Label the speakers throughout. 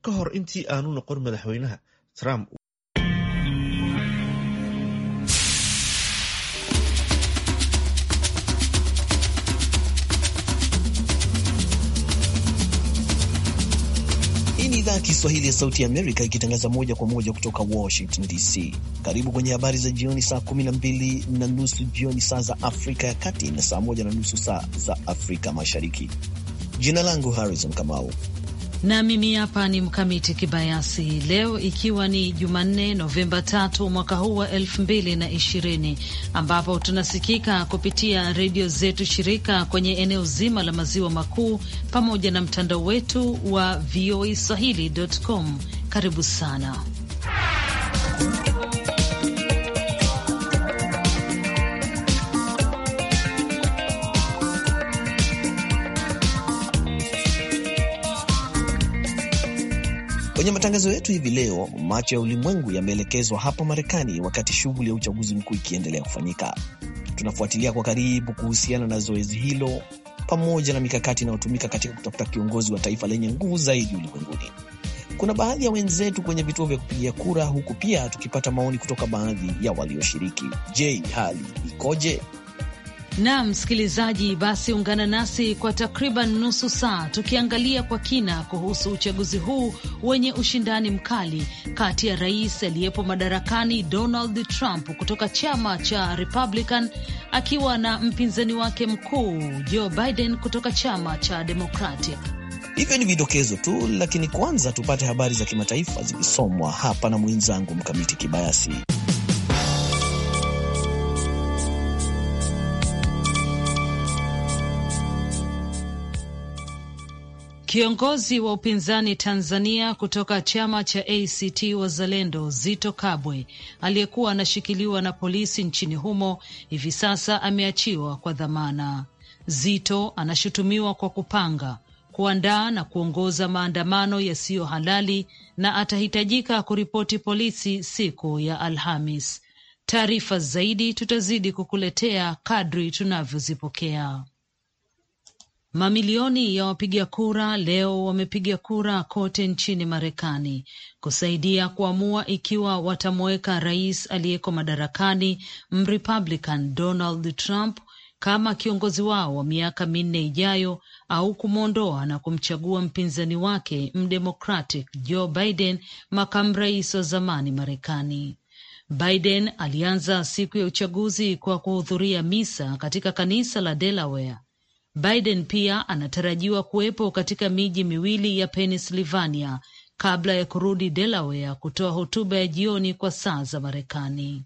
Speaker 1: ka hor
Speaker 2: intii aanu noqon madaxweynaha Trump
Speaker 3: Hii ni idhaa Kiswahili ya Sauti Amerika ikitangaza moja kwa moja kutoka Washington DC. Karibu kwenye habari za jioni, saa 12 na nusu jioni saa za Afrika ya Kati na saa 1 na nusu saa za Afrika Mashariki. Jina langu Harrison Kamau
Speaker 4: na mimi hapa ni Mkamiti Kibayasi. Leo ikiwa ni Jumanne, Novemba tatu mwaka huu wa elfu mbili na ishirini, ambapo tunasikika kupitia redio zetu shirika kwenye eneo zima la maziwa makuu pamoja na mtandao wetu wa voa swahili.com. Karibu sana
Speaker 3: Kwenye matangazo yetu hivi leo, macho ya ulimwengu yameelekezwa hapa Marekani wakati shughuli ya uchaguzi mkuu ikiendelea kufanyika. Tunafuatilia kwa karibu kuhusiana na zoezi hilo pamoja na mikakati inayotumika katika kutafuta kiongozi wa taifa lenye nguvu zaidi ulimwenguni. Kuna baadhi ya wenzetu kwenye vituo vya kupigia kura, huku pia tukipata maoni kutoka baadhi ya walioshiriki. Je, hali ikoje?
Speaker 4: na msikilizaji, basi ungana nasi kwa takriban nusu saa tukiangalia kwa kina kuhusu uchaguzi huu wenye ushindani mkali kati ya rais aliyepo madarakani Donald Trump kutoka chama cha Republican akiwa na mpinzani wake mkuu Joe Biden kutoka chama cha Democratic.
Speaker 3: Hivyo ni vidokezo tu, lakini kwanza tupate habari za kimataifa zikisomwa hapa na mwenzangu Mkamiti Kibayasi.
Speaker 4: Kiongozi wa upinzani Tanzania kutoka chama cha ACT Wazalendo, Zito Kabwe, aliyekuwa anashikiliwa na polisi nchini humo, hivi sasa ameachiwa kwa dhamana. Zito anashutumiwa kwa kupanga, kuandaa na kuongoza maandamano yasiyo halali na atahitajika kuripoti polisi siku ya Alhamis. Taarifa zaidi tutazidi kukuletea kadri tunavyozipokea. Mamilioni ya wapiga kura leo wamepiga kura kote nchini Marekani kusaidia kuamua ikiwa watamweka rais aliyeko madarakani mrepublican Donald Trump kama kiongozi wao wa miaka minne ijayo au kumwondoa na kumchagua mpinzani wake mdemocratic Joe Biden, makamu rais wa zamani Marekani. Biden alianza siku ya uchaguzi kwa kuhudhuria misa katika kanisa la Delaware Biden pia anatarajiwa kuwepo katika miji miwili ya Pennsylvania kabla ya kurudi Delaware kutoa hotuba ya jioni kwa saa za Marekani.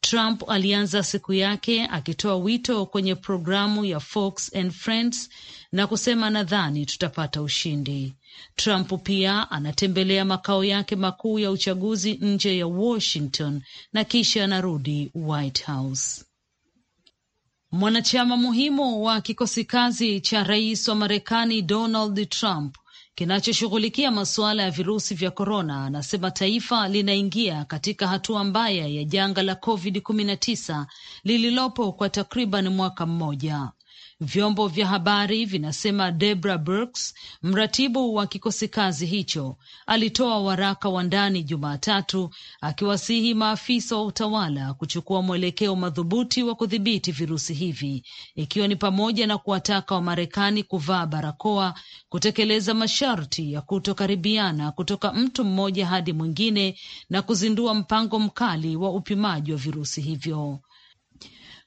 Speaker 4: Trump alianza siku yake akitoa wito kwenye programu ya Fox and Friends na kusema, nadhani tutapata ushindi. Trump pia anatembelea makao yake makuu ya uchaguzi nje ya Washington na kisha anarudi White House. Mwanachama muhimu wa kikosi kazi cha rais wa Marekani Donald Trump kinachoshughulikia masuala ya virusi vya korona anasema taifa linaingia katika hatua mbaya ya janga la COVID-19 lililopo kwa takriban mwaka mmoja. Vyombo vya habari vinasema Debra Burks, mratibu wa kikosi kazi hicho, alitoa waraka wa ndani Jumatatu akiwasihi maafisa wa utawala kuchukua mwelekeo madhubuti wa kudhibiti virusi hivi, ikiwa ni pamoja na kuwataka Wamarekani kuvaa barakoa, kutekeleza masharti ya kutokaribiana kutoka mtu mmoja hadi mwingine, na kuzindua mpango mkali wa upimaji wa virusi hivyo.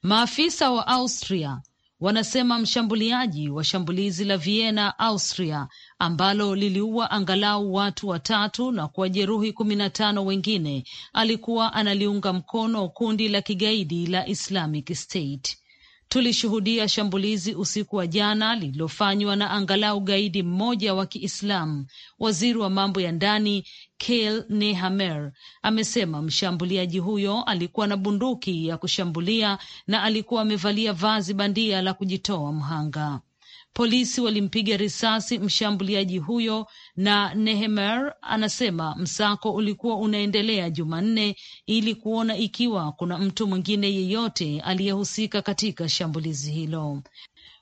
Speaker 4: Maafisa wa Austria wanasema mshambuliaji wa shambulizi la Vienna, Austria, ambalo liliua angalau watu watatu na kuwajeruhi kumi na tano wengine alikuwa analiunga mkono kundi la kigaidi la Islamic State. Tulishuhudia shambulizi usiku wa jana lililofanywa na angalau gaidi mmoja wa Kiislamu, waziri wa mambo ya ndani Kil Nehamer amesema mshambuliaji huyo alikuwa na bunduki ya kushambulia na alikuwa amevalia vazi bandia la kujitoa mhanga. Polisi walimpiga risasi mshambuliaji huyo, na Nehemer anasema msako ulikuwa unaendelea Jumanne ili kuona ikiwa kuna mtu mwingine yeyote aliyehusika katika shambulizi hilo.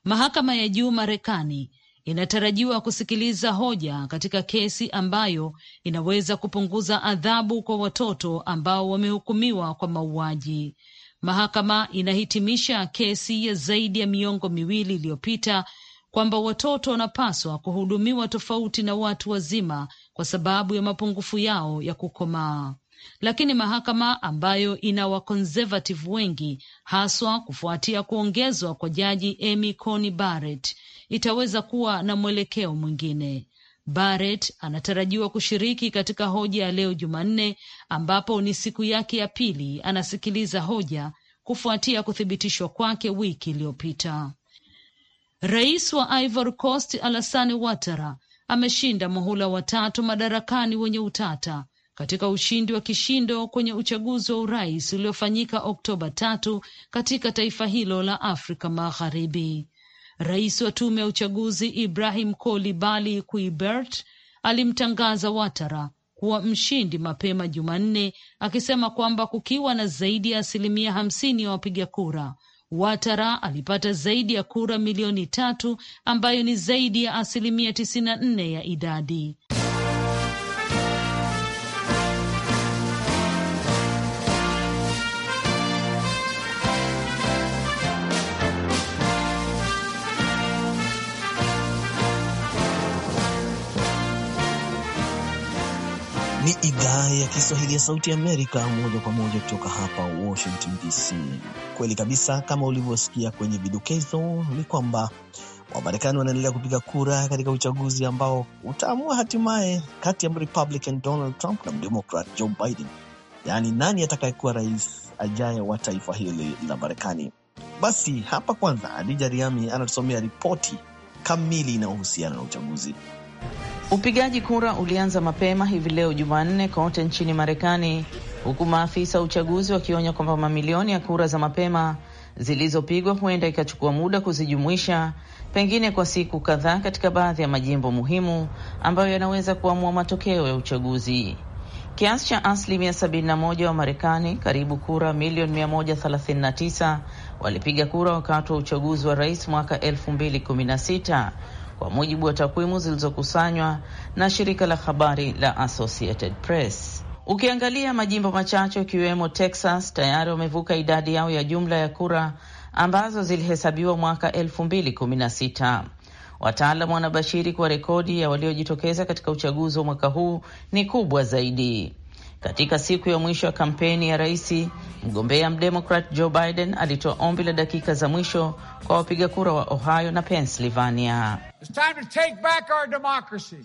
Speaker 4: Mahakama ya juu Marekani inatarajiwa kusikiliza hoja katika kesi ambayo inaweza kupunguza adhabu kwa watoto ambao wamehukumiwa kwa mauaji. Mahakama inahitimisha kesi ya zaidi ya miongo miwili iliyopita kwamba watoto wanapaswa kuhudumiwa tofauti na watu wazima kwa sababu ya mapungufu yao ya kukomaa. Lakini mahakama ambayo ina wakonservative wengi haswa kufuatia kuongezwa kwa jaji Amy Coney Barrett itaweza kuwa na mwelekeo mwingine. Barrett anatarajiwa kushiriki katika hoja ya leo Jumanne, ambapo ni siku yake ya pili anasikiliza hoja kufuatia kuthibitishwa kwake wiki iliyopita. Rais wa Ivory Coast Alassane Ouattara ameshinda muhula watatu madarakani wenye utata katika ushindi wa kishindo kwenye uchaguzi wa urais uliofanyika Oktoba tatu katika taifa hilo la Afrika Magharibi. Rais wa tume ya uchaguzi Ibrahim Kolibali Kuibert alimtangaza Watara kuwa mshindi mapema Jumanne, akisema kwamba kukiwa na zaidi ya asilimia hamsini ya wapiga kura, Watara alipata zaidi ya kura milioni tatu ambayo ni zaidi ya asilimia tisini na nne ya idadi.
Speaker 3: Ni idhaa ya Kiswahili ya Sauti Amerika, moja kwa moja kutoka hapa Washington DC. Kweli kabisa, kama ulivyosikia kwenye vidokezo, ni kwamba Wamarekani wanaendelea kupiga kura katika uchaguzi ambao utaamua hatimaye kati ya Republican Donald Trump na Democrat Joe Biden, yaani nani atakayekuwa rais ajaye wa taifa hili la Marekani. Basi hapa kwanza, Adija Riami anatusomea ripoti kamili inayohusiana na uchaguzi.
Speaker 5: Upigaji kura ulianza mapema hivi leo Jumanne kote nchini Marekani, huku maafisa wa uchaguzi wakionya kwamba mamilioni ya kura za mapema zilizopigwa huenda ikachukua muda kuzijumuisha, pengine kwa siku kadhaa, katika baadhi ya majimbo muhimu ambayo yanaweza kuamua matokeo ya uchaguzi. Kiasi cha asilimia 71 wa Marekani, karibu kura milioni 139 walipiga kura wakati wa uchaguzi wa rais mwaka 2016 kwa mujibu wa takwimu zilizokusanywa na shirika la habari la Associated Press. Ukiangalia majimbo machache ikiwemo Texas tayari wamevuka idadi yao ya jumla ya kura ambazo zilihesabiwa mwaka 2016. Wataalamu wanabashiri kuwa rekodi ya waliojitokeza katika uchaguzi wa mwaka huu ni kubwa zaidi. Katika siku ya mwisho ya kampeni ya rais, mgombea mdemokrat Joe Biden alitoa ombi la dakika za mwisho kwa wapiga kura wa Ohio na Pennsylvania.
Speaker 2: It's time to take back our democracy.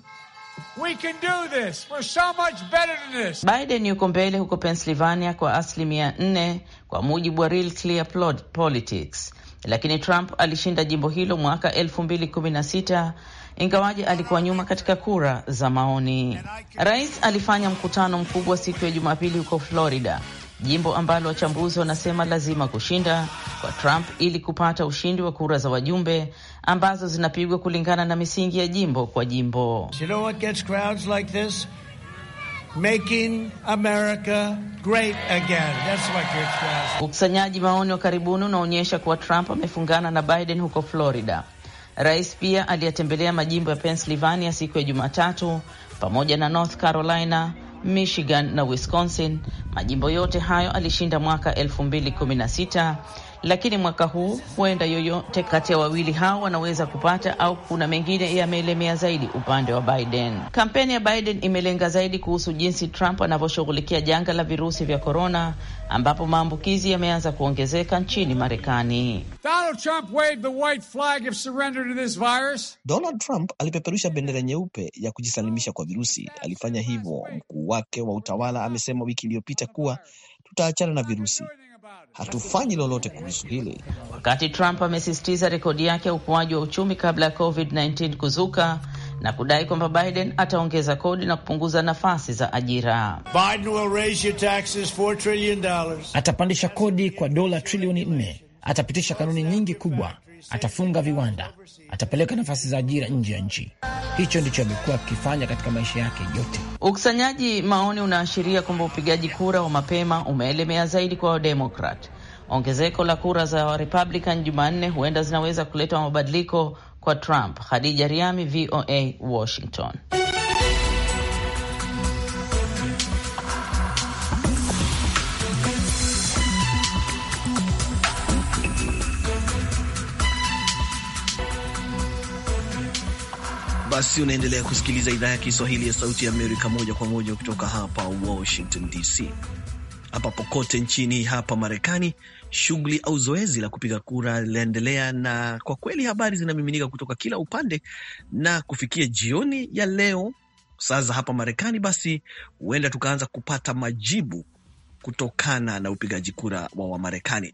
Speaker 2: We can do this. We're so much better than
Speaker 5: this. Biden yuko mbele huko Pennsylvania kwa asilimia nne kwa mujibu wa Real Clear Politics, lakini Trump alishinda jimbo hilo mwaka 2016 ingawaje alikuwa nyuma katika kura za maoni. Rais alifanya mkutano mkubwa siku ya Jumapili huko Florida, jimbo ambalo wachambuzi wanasema lazima kushinda kwa Trump ili kupata ushindi wa kura za wajumbe ambazo zinapigwa kulingana na misingi ya jimbo kwa jimbo. You know what gets crowds like this? Making America great again. That's what gets crowds. Ukusanyaji maoni wa karibuni unaonyesha kuwa Trump amefungana na Biden huko Florida. Rais pia aliyetembelea majimbo ya Pennsylvania siku ya Jumatatu pamoja na North Carolina, Michigan na Wisconsin. Majimbo yote hayo alishinda mwaka 2016 lakini mwaka huu huenda yoyote kati ya wawili hao wanaweza kupata au kuna mengine yameelemea zaidi upande wa Biden. Kampeni ya Biden imelenga zaidi kuhusu jinsi Trump anavyoshughulikia janga la virusi vya korona, ambapo maambukizi yameanza kuongezeka nchini Marekani.
Speaker 3: Donald Trump alipeperusha bendera nyeupe ya kujisalimisha kwa virusi. Alifanya hivyo, mkuu wake wa utawala amesema wiki iliyopita kuwa tutaachana na
Speaker 5: virusi Hatufanyi lolote kuhusu hili. Wakati Trump amesisitiza rekodi yake ya ukuaji wa uchumi kabla ya COVID-19 kuzuka na kudai kwamba Biden ataongeza kodi na kupunguza nafasi za ajira. Biden will raise your taxes $4 trillion.
Speaker 1: Atapandisha kodi kwa dola trilioni nne, atapitisha kanuni nyingi kubwa atafunga
Speaker 5: viwanda, atapeleka nafasi za ajira nje ya
Speaker 1: nchi. Hicho ndicho amekuwa akifanya katika maisha yake yote.
Speaker 5: Ukusanyaji maoni unaashiria kwamba upigaji kura wa mapema umeelemea zaidi kwa Wademokrat. Ongezeko la kura za Warepublican Jumanne huenda zinaweza kuleta mabadiliko kwa Trump. Khadija Riami, VOA, Washington.
Speaker 3: Basi unaendelea kusikiliza idhaa ya Kiswahili ya Sauti ya Amerika moja kwa moja kutoka hapa Washington DC. Hapa pokote nchini hapa Marekani, shughuli au zoezi la kupiga kura linaendelea, na kwa kweli habari zinamiminika kutoka kila upande, na kufikia jioni ya leo saa za hapa Marekani, basi huenda tukaanza kupata majibu kutokana na upigaji kura wa Wamarekani.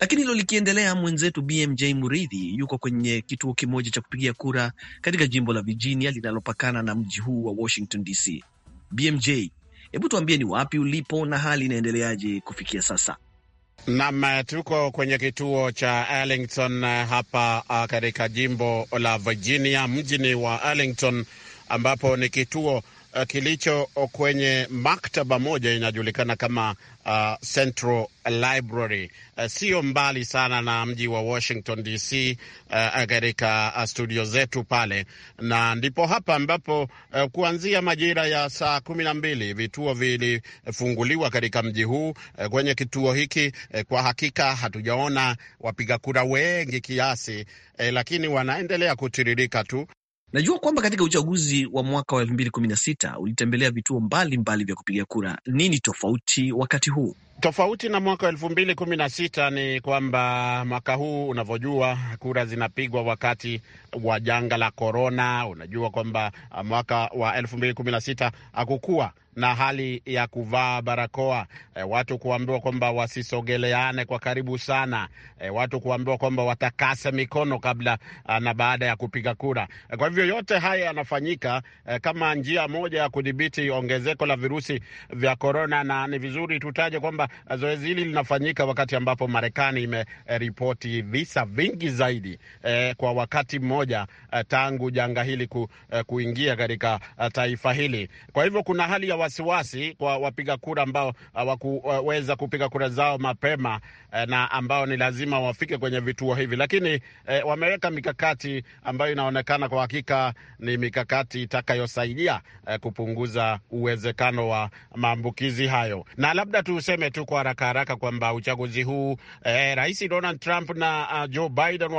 Speaker 3: Lakini hilo likiendelea, mwenzetu BMJ Muridhi yuko kwenye kituo kimoja cha kupigia kura katika jimbo la Virginia linalopakana na mji huu wa Washington DC. BMJ, hebu tuambie ni wapi ulipo na hali inaendeleaje kufikia
Speaker 6: sasa? Nam, tuko kwenye kituo cha Arlington eh, hapa ah, katika jimbo la Virginia, ni wa Arlington ambapo ni kituo Eh, kilicho kwenye maktaba moja inajulikana kama uh, Central Library, uh, sio mbali sana na mji wa Washington DC, katika uh, uh, studio zetu pale, na ndipo hapa ambapo uh, kuanzia majira ya saa kumi na mbili vituo vilifunguliwa katika mji huu. Uh, kwenye kituo hiki uh, kwa hakika hatujaona wapiga kura wengi kiasi, uh, lakini wanaendelea kutiririka tu. Najua kwamba katika uchaguzi wa mwaka wa elfu mbili kumi na
Speaker 3: sita ulitembelea vituo mbalimbali mbali vya kupiga kura. Nini tofauti wakati huu?
Speaker 6: Tofauti na mwaka wa elfu mbili kumi na sita ni kwamba mwaka huu unavyojua, kura zinapigwa wakati wa janga la korona. Unajua kwamba mwaka wa elfu mbili kumi na sita hakukuwa na hali ya kuvaa barakoa e, watu kuambiwa kwamba wasisogeleane kwa karibu sana e, watu kuambiwa kwamba watakase mikono kabla na baada ya kupiga kura e, kwa hivyo yote haya yanafanyika e, kama njia moja ya kudhibiti ongezeko la virusi vya korona, na ni vizuri tutaje kwamba zoezi hili linafanyika wakati ambapo Marekani imeripoti visa vingi zaidi eh, kwa wakati mmoja eh, tangu janga hili ku, eh, kuingia katika eh, taifa hili. Kwa hivyo kuna hali ya wasiwasi kwa wapiga kura ambao hawakuweza eh, kupiga kura zao mapema eh, na ambao ni lazima wafike kwenye vituo hivi, lakini eh, wameweka mikakati ambayo inaonekana kwa hakika ni mikakati itakayosaidia eh, kupunguza uwezekano wa maambukizi hayo, na labda tuseme tu tu kwa haraka haraka kwamba uchaguzi huu eh, Rais Donald Trump na uh, Joe Biden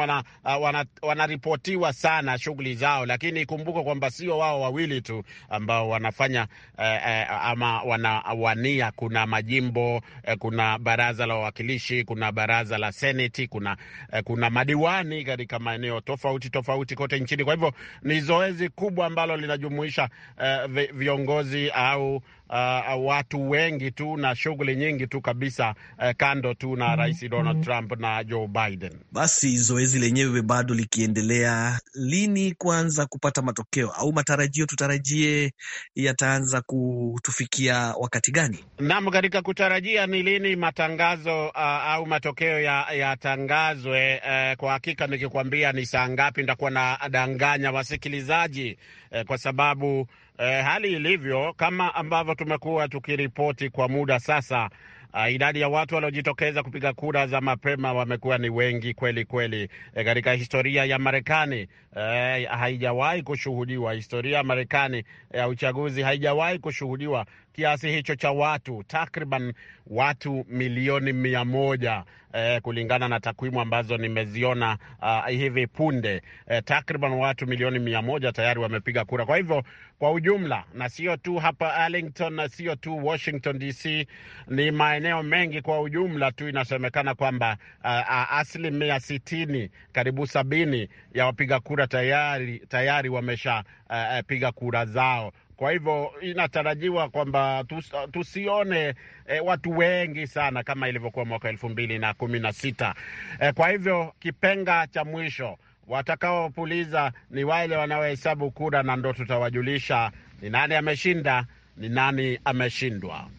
Speaker 6: wanaripotiwa uh, wana, wana sana shughuli zao, lakini ikumbuka kwamba sio wao wawili tu ambao wanafanya eh, eh, ama wanawania. Kuna majimbo eh, kuna baraza la wawakilishi, kuna baraza la seneti, kuna, eh, kuna madiwani katika maeneo tofauti tofauti kote nchini. Kwa hivyo ni zoezi kubwa ambalo linajumuisha eh, viongozi au uh, watu wengi tu na shughuli nyingi tu kabisa, uh, kando tu na mm-hmm. Rais Donald mm-hmm. Trump na Joe Biden.
Speaker 3: Basi zoezi lenyewe bado likiendelea, lini kwanza kupata matokeo au matarajio tutarajie yataanza kutufikia wakati gani?
Speaker 6: Naam, katika kutarajia ni lini matangazo uh, au matokeo yatangazwe ya uh, eh, kwa hakika nikikwambia ni saa ngapi nitakuwa na danganya wasikilizaji uh, kwa sababu eh, hali ilivyo kama ambavyo tumekuwa tukiripoti kwa muda sasa. Uh, idadi ya watu waliojitokeza kupiga kura za mapema wamekuwa ni wengi kweli kweli, e, katika historia ya Marekani e, haijawahi kushuhudiwa historia ya Marekani eh, ya e, uchaguzi haijawahi kushuhudiwa kiasi hicho cha watu takriban watu milioni mia moja eh, kulingana na takwimu ambazo nimeziona uh, hivi punde eh, takriban watu milioni mia moja tayari wamepiga kura. Kwa hivyo kwa ujumla, na sio tu hapa Arlington na sio tu Washington DC, ni maeneo mengi kwa ujumla tu, inasemekana kwamba uh, uh, asilimia sitini karibu sabini ya wapiga kura tayari, tayari wamesha uh, piga kura zao kwa hivyo inatarajiwa kwamba tusione e, watu wengi sana kama ilivyokuwa mwaka elfu mbili na kumi na sita. E, kwa hivyo kipenga cha mwisho watakaopuliza ni wale wanaohesabu kura, na ndo tutawajulisha ni nani ameshinda, ni nani ameshindwa.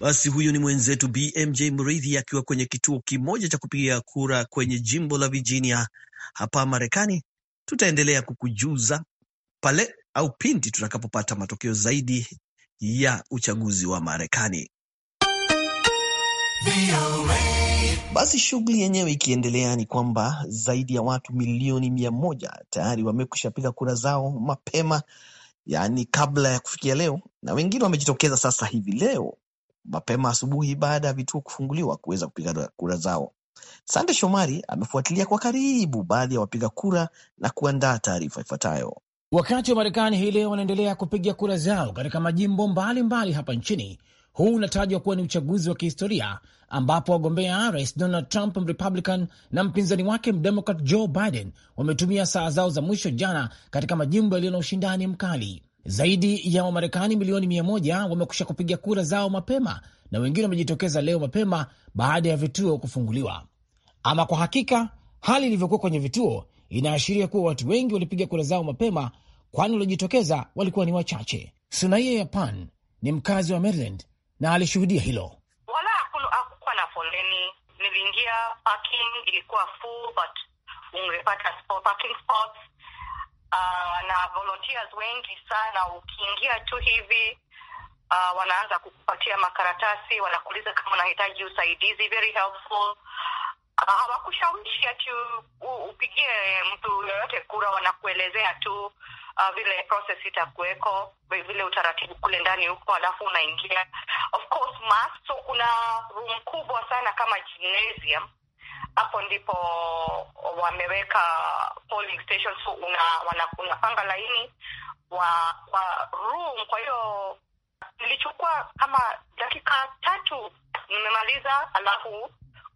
Speaker 3: Basi huyu ni mwenzetu BMJ Mridhi akiwa kwenye kituo kimoja cha kupiga kura kwenye jimbo la Virginia hapa Marekani. Tutaendelea kukujuza pale au pindi tutakapopata matokeo zaidi ya uchaguzi wa Marekani. Basi shughuli yenyewe ikiendelea, ni kwamba zaidi ya watu milioni mia moja tayari wamekwisha piga kura zao mapema, yaani kabla ya kufikia leo, na wengine wamejitokeza sasa hivi leo mapema asubuhi baada ya vituo kufunguliwa kuweza kupiga kura zao. Sande Shomari amefuatilia kwa karibu baadhi ya wapiga kura na kuandaa taarifa ifuatayo.
Speaker 1: Wakati wa Marekani hii leo wanaendelea kupiga kura zao katika majimbo mbalimbali mbali hapa nchini. Huu unatajwa kuwa ni uchaguzi wa kihistoria ambapo wagombea rais Donald Trump Mrepublican na mpinzani wake Mdemokrat Joe Biden wametumia saa zao za mwisho jana katika majimbo yaliyo na ushindani mkali. Zaidi ya Wamarekani milioni mia moja wamekusha kupiga kura zao mapema na wengine wamejitokeza leo mapema baada ya vituo kufunguliwa. Ama kwa hakika hali ilivyokuwa kwenye vituo inaashiria kuwa watu wengi walipiga kura zao mapema, kwani waliojitokeza walikuwa ni wachache. Sunaiya Yapan ni mkazi wa Maryland na alishuhudia hilo. Wala
Speaker 2: hakukuwa na foleni, niliingia parking ilikuwa full, but ungepata parking spots uh, na volunteers wengi sana. Ukiingia tu hivi uh, wanaanza kukupatia makaratasi, wanakuuliza kama unahitaji usaidizi, very helpful hawakushawishi ati upigie mtu yoyote kura, wanakuelezea tu Uh, vile process itakuweko vile utaratibu kule ndani huko, alafu unaingia of course mask. So kuna room kubwa sana kama gymnasium, hapo ndipo wameweka polling station, so unapanga laini wa, wa room. Kwa hiyo nilichukua kama dakika tatu nimemaliza, alafu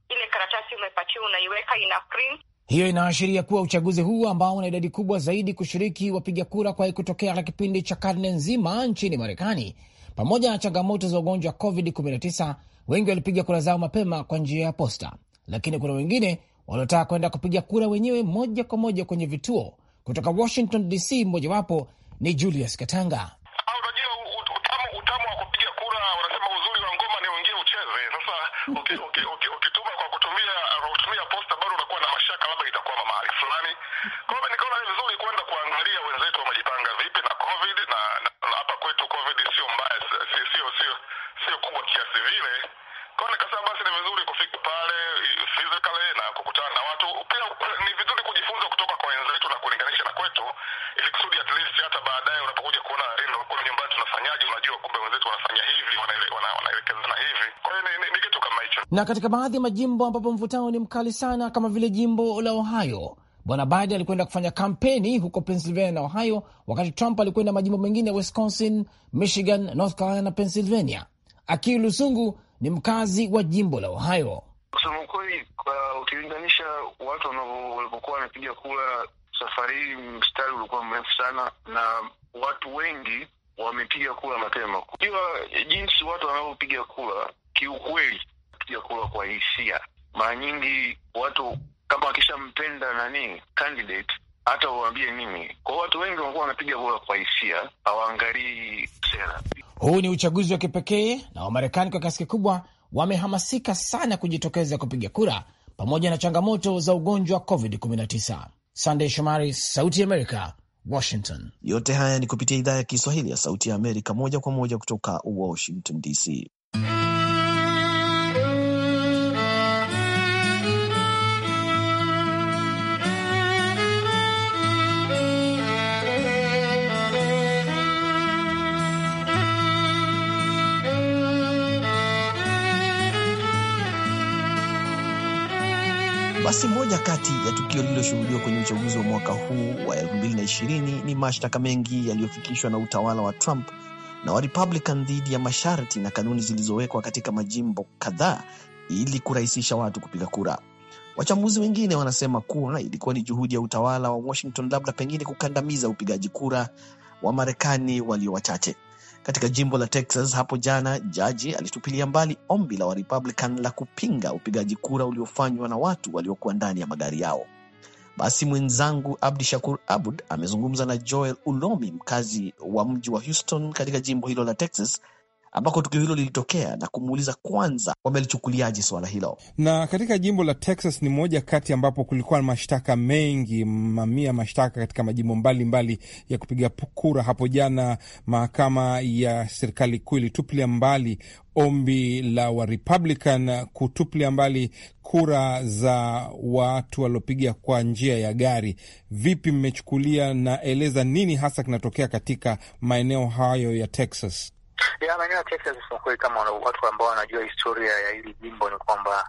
Speaker 2: ile karatasi umepatiwa
Speaker 1: unaiweka ina print. Hiyo inaashiria kuwa uchaguzi huu ambao una idadi kubwa zaidi kushiriki wapiga kura kwa kutokea kwa kipindi cha karne nzima nchini Marekani, pamoja na changamoto za ugonjwa wa COVID-19, wengi walipiga kura zao mapema kwa njia ya posta, lakini kuna wengine waliotaka kwenda kupiga kura wenyewe moja kwa moja kwenye vituo. Kutoka Washington DC, mmojawapo ni Julius Katanga. Ah, unajua utamu wa kupiga kura,
Speaker 4: wanasema uzuri wa ngoma ni ucheze. Sasa
Speaker 1: Na katika baadhi ya majimbo ambapo mvutano ni mkali sana kama vile jimbo la Ohio, Bwana Biden alikwenda kufanya kampeni huko Pennsylvania na Ohio, wakati Trump alikwenda majimbo mengine ya Wisconsin, Michigan, North Carolina na Pennsylvania. Akili Lusungu ni mkazi wa jimbo la Ohio.
Speaker 2: Kusema ukweli, uh, ukilinganisha watu walivyokuwa wanapiga kura safari hii, mstari ulikuwa mrefu sana na watu wengi wamepiga kura mapema. Kujua jinsi watu wanavyopiga kura, kiukweli kupiga kura kwa hisia. Mara nyingi watu kama wakishampenda nani candidate hata wawambie nini, kwa watu wengi wanakuwa wanapiga kura kwa hisia, hawaangalii sera.
Speaker 1: Huu ni uchaguzi wa kipekee na Wamarekani kwa kiasi kikubwa wamehamasika sana kujitokeza kupiga kura, pamoja na changamoto za ugonjwa wa COVID-19. Sandey Shomari, Sauti ya Amerika, Washington.
Speaker 3: Yote haya ni kupitia idhaa ya Kiswahili ya Sauti ya Amerika, moja kwa moja kutoka Washington DC. Basi moja kati ya tukio lililoshuhudiwa kwenye uchaguzi wa mwaka huu wa 2020 ni mashtaka mengi yaliyofikishwa na utawala wa Trump na wa Republican dhidi ya masharti na kanuni zilizowekwa katika majimbo kadhaa ili kurahisisha watu kupiga kura. Wachambuzi wengine wanasema kuwa ilikuwa ni juhudi ya utawala wa Washington labda pengine kukandamiza upigaji kura wa Marekani walio wachache. Katika jimbo la Texas hapo jana, jaji alitupilia mbali ombi la Warepublican la kupinga upigaji kura uliofanywa na watu waliokuwa ndani ya magari yao. Basi mwenzangu Abdi Shakur Abud amezungumza na Joel Ulomi, mkazi wa mji wa Houston katika jimbo hilo la Texas, ambako tukio hilo lilitokea na kumuuliza kwanza wamelichukuliaje suala hilo.
Speaker 7: Na katika jimbo la Texas ni moja kati ambapo kulikuwa na mashtaka mengi, mamia mashtaka katika majimbo mbalimbali mbali ya kupiga kura. Hapo jana mahakama ya serikali kuu ilitupilia mbali ombi la Warepublican kutupilia mbali kura za watu waliopiga kwa njia ya gari. Vipi mmechukulia, naeleza nini hasa kinatokea katika maeneo hayo ya Texas?
Speaker 2: ya maeneo ya Texas, kusema kweli, kama watu ambao wanajua historia ya hili jimbo ni kwamba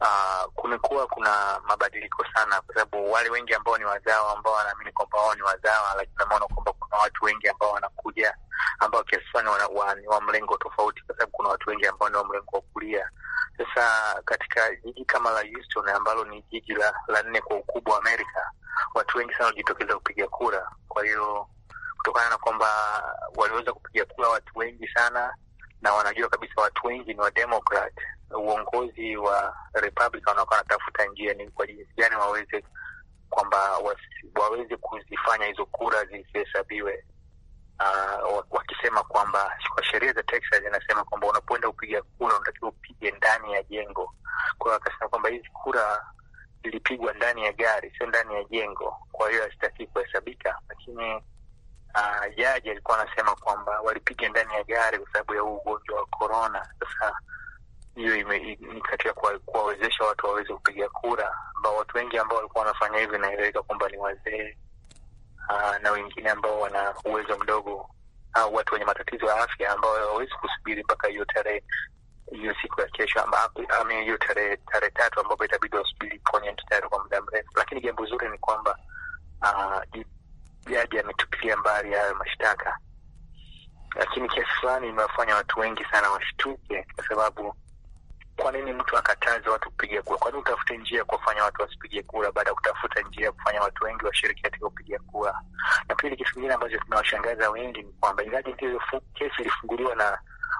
Speaker 2: uh, kumekuwa kuna mabadiliko sana, kwa sababu wale wengi ambao ni wazawa ambao wanaamini kwamba wao ni wazawa, lakini wameona kwamba kuna watu wengi ambao wanakuja ambao kiasi fulani wa, wa mlengo tofauti, kwa sababu kuna watu wengi ambao ni wa mlengo wa kulia. Sasa katika jiji kama la Houston ambalo ni jiji la, la nne kwa ukubwa wa Amerika, watu wengi sana wajitokeza kupiga kura, kwa hiyo kutokana na kwamba waliweza kupiga kura watu wengi sana, na wanajua kabisa watu wengi ni wademokrat. Uongozi wa Republican wanakuwa wanatafuta njia ni kwa jinsi gani waweze kwamba waweze kuzifanya hizo kura zisihesabiwe, uh, ah, wakisema kwamba kwa sheria za Texas zinasema kwamba unapoenda kupiga kura unatakiwa upige ndani ya jengo. Kwa hiyo akasema kwamba hizi kura zilipigwa ndani ya gari, sio ndani ya jengo, kwa hiyo hazitakii kuhesabika, lakini uh, jaji alikuwa anasema kwamba walipiga ndani ya gari kwa sababu ya huu ugonjwa wa korona. Sasa hiyo ni katika kuwawezesha watu waweze kupiga kura, ambao watu wengi ambao walikuwa wanafanya hivyo inaeleweka kwamba ni wazee uh, na wengine ambao wana uwezo mdogo au uh, watu wenye matatizo ya afya ambao hawawezi kusubiri mpaka hiyo tarehe hiyo siku ya kesho ama hiyo tarehe tare tatu ambapo itabidi wasubiri kwenye tayari kwa muda mrefu. Lakini jambo zuri ni kwamba uh, jaji ametupilia mbali hayo mashtaka, lakini kesi fulani imewafanya watu wengi sana washtuke, kwa sababu kwa nini mtu akataze watu kupiga kura? Kwa nini utafute njia ya kuwafanya watu wasipige kura baada ya kutafuta njia ya kufanya watu wengi washiriki katika kupiga kura? Na pili, kitu kingine ambacho kinawashangaza wengi ni kwamba ndio kesi ilifunguliwa na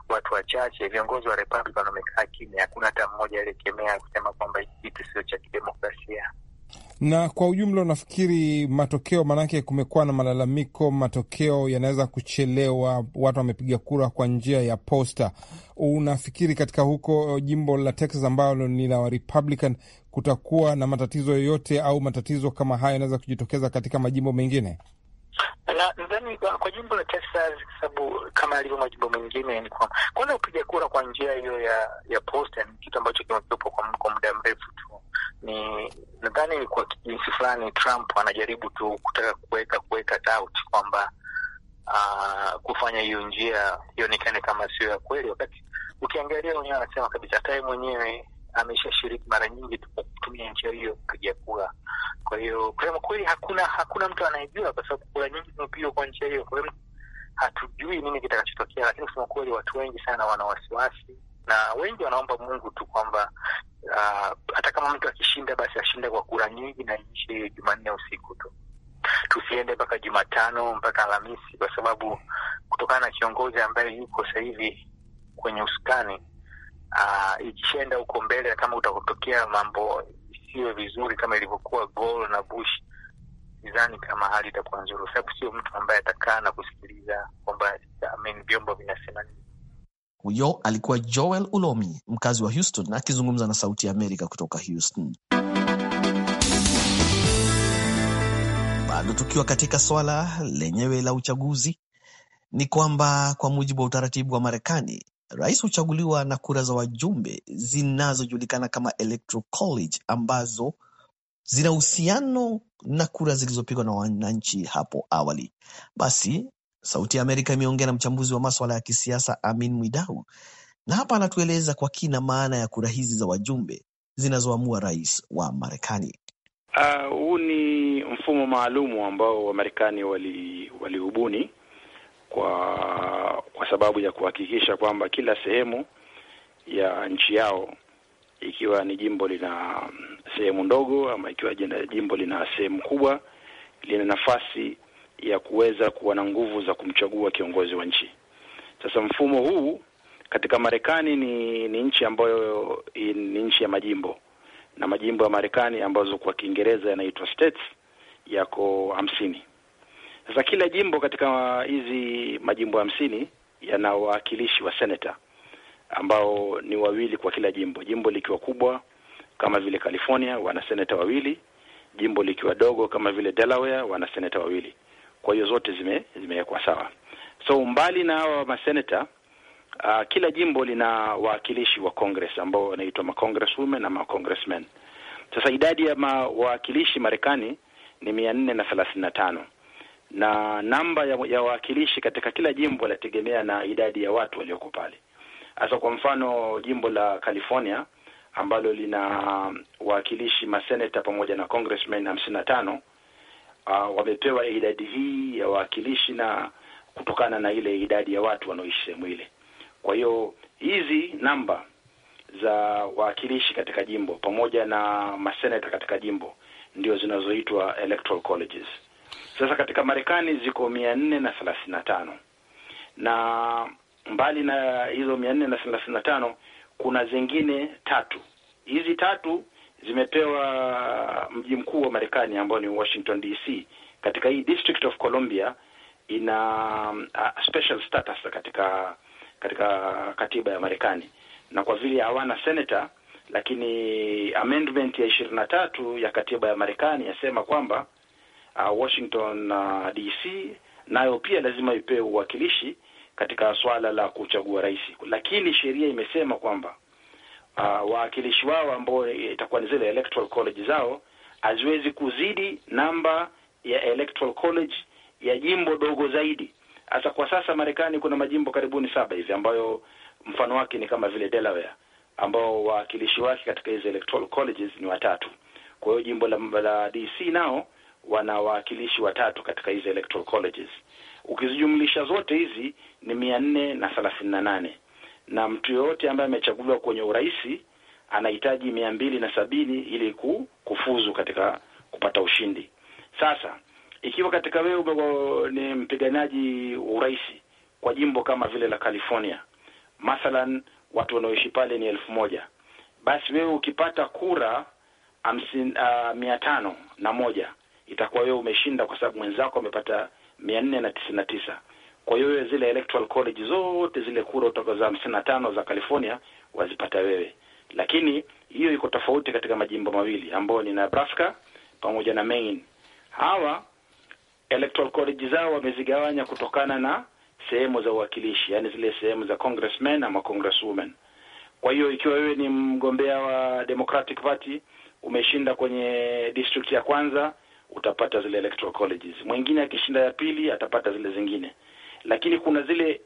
Speaker 2: watu wachache, viongozi wa Republican wamekaa kimya, hakuna hata mmoja aliyekemea kusema kwamba hii kitu sio cha kidemokrasia
Speaker 1: na kwa ujumla unafikiri
Speaker 7: matokeo, maanake kumekuwa na malalamiko, matokeo yanaweza kuchelewa, watu wamepiga kura kwa njia ya posta. Unafikiri katika huko uh, jimbo la Texas ambalo ni la Republican kutakuwa na matatizo yoyote au matatizo kama hayo yanaweza kujitokeza katika majimbo mengine? Nadhani uh, kwa, jimbo la Texas kwa sababu
Speaker 2: kama alivyo majimbo mengine ni kwanza, upiga kura kwa njia hiyo ya ya posta ni kitu ambacho kimekuwepo kwa muda mrefu tu ni nadhani kwa jinsi fulani Trump anajaribu tu kutaka kuweka kuweka doubt kwamba uh, kufanya hiyo njia ionekane kama sio ya kweli, wakati ukiangalia wenyewe anasema kabisa, hata yeye mwenyewe ameshashiriki mara nyingi kutumia njia hiyo kupiga kura. Kwa hiyo kusema kweli, hakuna hakuna mtu anayejua, kwa sababu kura nyingi zimepigwa kwa njia hiyo. Kwa hiyo hatujui nini kitakachotokea, lakini kusema kweli, watu wengi sana wana wasiwasi na wengi wanaomba Mungu tu kwamba uh, hata kama mtu akishinda basi ashinde kwa kura nyingi na iishe Jumanne usiku tu, tusiende mpaka Jumatano mpaka Alhamisi, kwa sababu kutokana na kiongozi ambaye yuko sasa hivi kwenye usukani uh, ikishaenda huko mbele, kama utakutokea mambo isiyo vizuri kama ilivyokuwa Gol na Bush, sidhani kama hali itakuwa nzuri, kwa sababu sio mtu ambaye atakaa na kusikiliza kwamba vyombo vinasema nini
Speaker 3: huyo alikuwa Joel Ulomi, mkazi wa Houston, akizungumza na Sauti ya Amerika kutoka Houston. Bado tukiwa katika swala lenyewe la uchaguzi, ni kwamba kwa mujibu wa utaratibu wa Marekani, rais huchaguliwa na kura za wajumbe zinazojulikana kama Electoral College ambazo zina uhusiano na kura zilizopigwa na wananchi hapo awali. Basi Sauti ya Amerika imeongea na mchambuzi wa maswala ya kisiasa Amin Mwidau, na hapa anatueleza kwa kina maana ya kura hizi za wajumbe zinazoamua rais wa Marekani.
Speaker 7: Ah, huu uh, ni mfumo maalumu ambao Wamarekani waliubuni wali kwa kwa sababu ya kuhakikisha kwamba kila sehemu ya nchi yao ikiwa ni jimbo lina sehemu ndogo ama ikiwa jimbo lina sehemu kubwa lina nafasi ya kuweza kuwa na nguvu za kumchagua kiongozi wa nchi. Sasa mfumo huu katika Marekani ni, ni nchi ambayo ni nchi ya majimbo na majimbo ya Marekani ambazo kwa Kiingereza yanaitwa states yako hamsini. Sasa kila jimbo katika hizi majimbo hamsini yana wawakilishi wa seneta ambao ni wawili kwa kila jimbo. Jimbo likiwa kubwa kama vile California wana seneta wawili, jimbo likiwa dogo kama vile Delaware wana seneta wawili. Kwa hiyo zote zime- zimewekwa sawa. So mbali na hawa maseneta uh, kila jimbo lina wawakilishi wa Congress ambao wanaitwa macongresswomen na macongressmen. Sasa idadi ya ma wawakilishi Marekani ni mia nne na thelathini na tano na namba ya, ya wawakilishi katika kila jimbo inategemea na idadi ya watu walioko pale. Sasa kwa mfano jimbo la California ambalo lina wawakilishi maseneta pamoja na congressmen hamsini na tano uh, wamepewa idadi hii ya wawakilishi na kutokana na ile idadi ya watu wanaoishi sehemu ile. Kwa hiyo hizi namba za wawakilishi katika jimbo pamoja na maseneta katika jimbo ndio zinazoitwa electoral colleges. Sasa katika Marekani ziko mia nne na thelathini na tano na mbali na hizo mia nne na thelathini na tano kuna zingine tatu. Hizi tatu zimepewa mji mkuu wa Marekani ambao ni Washington DC. Katika hii District of Columbia ina uh, special status katika katika katiba ya Marekani, na kwa vile hawana senator, lakini amendment ya ishirini na tatu ya katiba ya Marekani yasema kwamba uh, Washington uh, DC nayo pia lazima ipewe uwakilishi katika swala la kuchagua rais, lakini sheria imesema kwamba uh, wawakilishi wao ambao itakuwa ni zile electoral college zao haziwezi kuzidi namba ya electoral college ya jimbo dogo zaidi. Hasa kwa sasa Marekani kuna majimbo karibuni saba hivi ambayo mfano wake ni kama vile Delaware, ambao wawakilishi wake katika hizo electoral colleges ni watatu. Kwa hiyo jimbo la, la DC nao wana wawakilishi watatu katika hizo electoral colleges. Ukizijumlisha zote hizi ni mia nne na thelathini na nane na mtu yoyote ambaye amechaguliwa kwenye urais anahitaji mia mbili na sabini ili kufuzu katika kupata ushindi. Sasa ikiwa katika wewe ni mpiganaji wa urais kwa jimbo kama vile la California, mathalan watu wanaoishi pale ni elfu moja basi wewe ukipata kura hamsini uh, mia tano na moja itakuwa wewe umeshinda, kwa sababu mwenzako amepata mia nne na tisini na tisa. Kwa hiyo zile electoral college zote zile kura za hamsini na tano za California wazipata wewe, lakini hiyo iko tofauti katika majimbo mawili ambayo ni Nebraska pamoja na Maine. Hawa electoral college zao wamezigawanya kutokana na sehemu za uwakilishi, yani zile sehemu za congressmen ama congresswomen. Kwa hiyo ikiwa wewe ni mgombea wa Democratic Party umeshinda kwenye district ya kwanza, utapata zile electoral colleges. Mwingine akishinda ya pili atapata zile zingine lakini kuna zile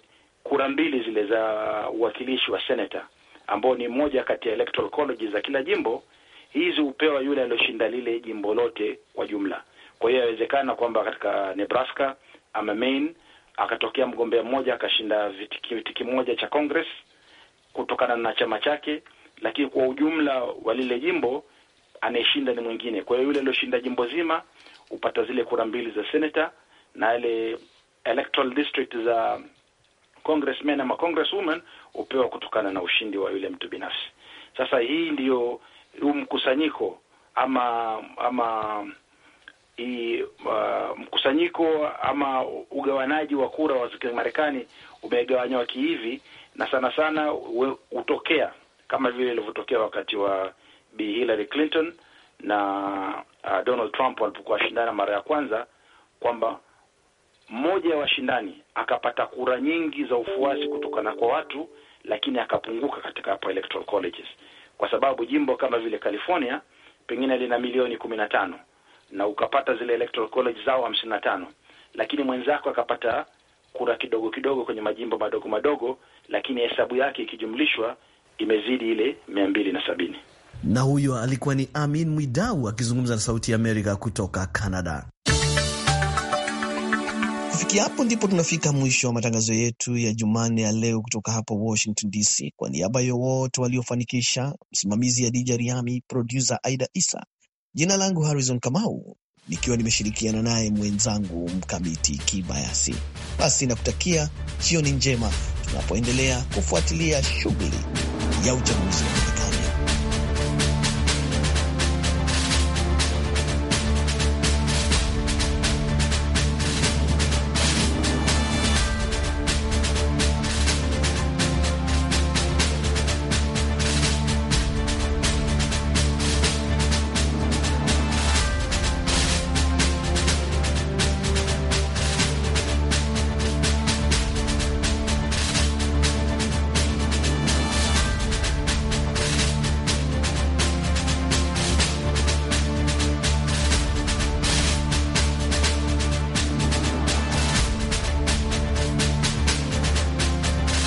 Speaker 7: kura mbili zile za uwakilishi wa senata ambao ni moja kati ya electoral college za kila jimbo. Hizi hupewa yule aliyoshinda lile jimbo lote kwa jumla. Kwa hiyo yawezekana kwamba katika Nebraska ama Maine akatokea mgombea mmoja akashinda viti kimoja cha Congress kutokana na chama chake, lakini kwa ujumla wa lile jimbo anayeshinda ni mwingine. Kwa hiyo yule aliyoshinda jimbo zima hupata zile kura mbili za senator na ile electoral district za um, congressmen na congresswomen hupewa kutokana na ushindi wa yule mtu binafsi. Sasa hii ndiyo huu mkusanyiko ama ama i, uh, mkusanyiko ama ugawanaji wa kura wa Marekani umegawanywa kihivi, na sana sana hutokea kama vile ilivyotokea wakati wa Bi Hillary Clinton na uh, Donald Trump walipokuwa washindana mara ya kwanza kwamba mmoja ya washindani akapata kura nyingi za ufuasi kutokana kwa watu, lakini akapunguka katika hapo electoral colleges, kwa sababu jimbo kama vile California pengine lina milioni kumi na tano na ukapata zile electoral college zao hamsini na tano lakini mwenzako akapata kura kidogo kidogo kwenye majimbo madogo madogo, lakini hesabu yake ikijumlishwa imezidi ile mia mbili na sabini.
Speaker 3: Na huyo alikuwa ni Amin Mwidau akizungumza na Sauti ya Amerika kutoka Canada. Kufikia hapo ndipo tunafika mwisho wa matangazo yetu ya Jumanne ya leo kutoka hapa Washington DC. Kwa niaba ya wote waliofanikisha, msimamizi dija Riami, produsa Aida Isa, jina langu Harrison Kamau nikiwa nimeshirikiana naye mwenzangu Mkamiti Kibayasi. Basi nakutakia jioni njema tunapoendelea kufuatilia shughuli ya uchaguzi.